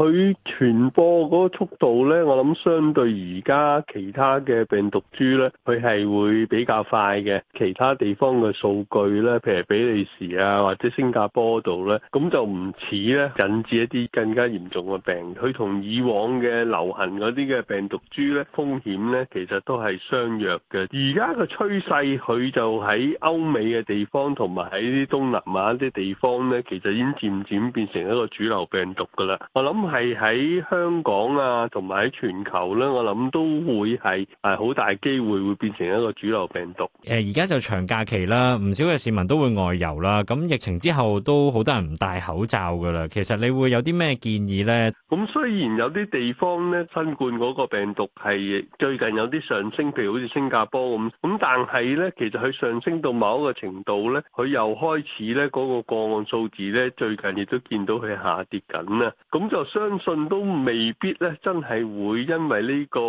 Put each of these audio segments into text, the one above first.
佢傳播嗰個速度咧，我諗相對而家其他嘅病毒株咧，佢係會比較快嘅。其他地方嘅數據咧，譬如比利時啊或者新加坡度咧，咁就唔似咧引致一啲更加嚴重嘅病。佢同以往嘅流行嗰啲嘅病毒株咧風險咧，其實都係相若嘅。而家嘅趨勢，佢就喺歐美嘅地方同埋喺啲東南亞啲地方咧，其實已經漸漸變成一個主流病毒㗎喇。我諗，係喺香港啊，同埋喺全球咧，我諗都會係係好大機會會變成一個主流病毒。誒，而家就長假期啦，唔少嘅市民都會外遊啦。咁疫情之後都好多人唔戴口罩噶啦。其實你會有啲咩建議呢？咁雖然有啲地方咧，新冠嗰個病毒係最近有啲上升，譬如好似新加坡咁。咁但係呢，其實佢上升到某一個程度呢，佢又開始呢嗰個個案數字呢，最近亦都見到佢下跌緊啦。咁就相信都未必咧，真係會因為呢個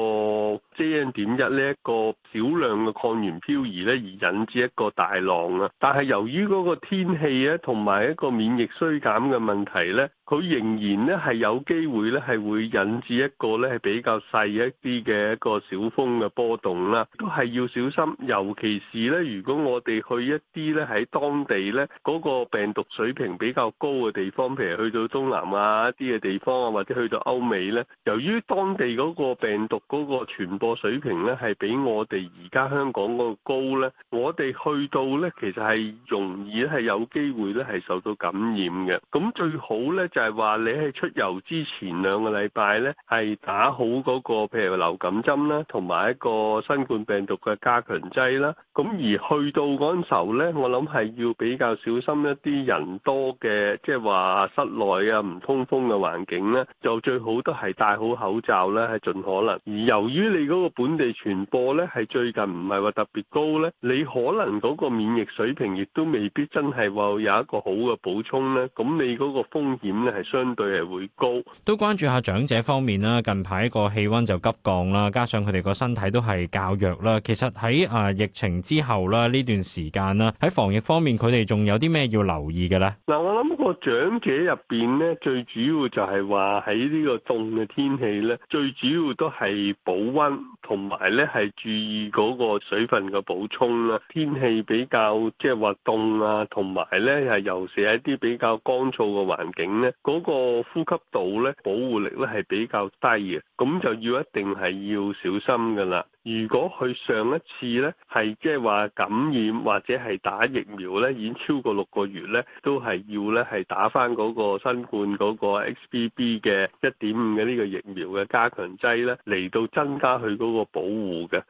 JN.1 呢一個少量嘅抗原漂移咧，而引致一個大浪啊。但係由於嗰個天氣咧，同埋一個免疫衰減嘅問題咧。佢仍然咧係有機會咧係會引致一個咧係比較細一啲嘅一個小風嘅波動啦，都係要小心。尤其是咧，如果我哋去一啲咧喺當地咧嗰個病毒水平比較高嘅地方，譬如去到東南亞一啲嘅地方啊，或者去到歐美咧，由於當地嗰個病毒嗰個傳播水平咧係比我哋而家香港嗰個高咧，我哋去到咧其實係容易係有機會咧係受到感染嘅。咁最好咧就是。係話你喺出遊之前兩個禮拜呢，係打好嗰個譬如流感針啦，同埋一個新冠病毒嘅加強劑啦。咁而去到嗰陣時候呢，我諗係要比較小心一啲人多嘅，即係話室內啊唔通風嘅環境呢，就最好都係戴好口罩啦，係盡可能。而由於你嗰個本地傳播呢，係最近唔係話特別高呢，你可能嗰個免疫水平亦都未必真係話有一個好嘅補充呢，咁你嗰個風險呢，係相對係會高，都關注下長者方面啦。近排個氣溫就急降啦，加上佢哋個身體都係較弱啦。其實喺啊疫情之後啦呢段時間啦，喺防疫方面佢哋仲有啲咩要留意嘅咧？嗱、啊，我諗個長者入邊咧，最主要就係話喺呢個凍嘅天氣咧，最主要都係保溫，同埋咧係注意嗰個水分嘅補充啦。天氣比較即係話凍啊，同埋咧係尤其是喺啲比較乾燥嘅環境咧。嗰個呼吸道咧保護力咧係比較低嘅，咁就要一定係要小心㗎啦。如果佢上一次咧係即係話感染或者係打疫苗咧已經超過六個月咧，都係要咧係打返嗰個新冠嗰個 XBB 嘅一點五嘅呢個疫苗嘅加強劑咧，嚟到增加佢嗰個保護嘅。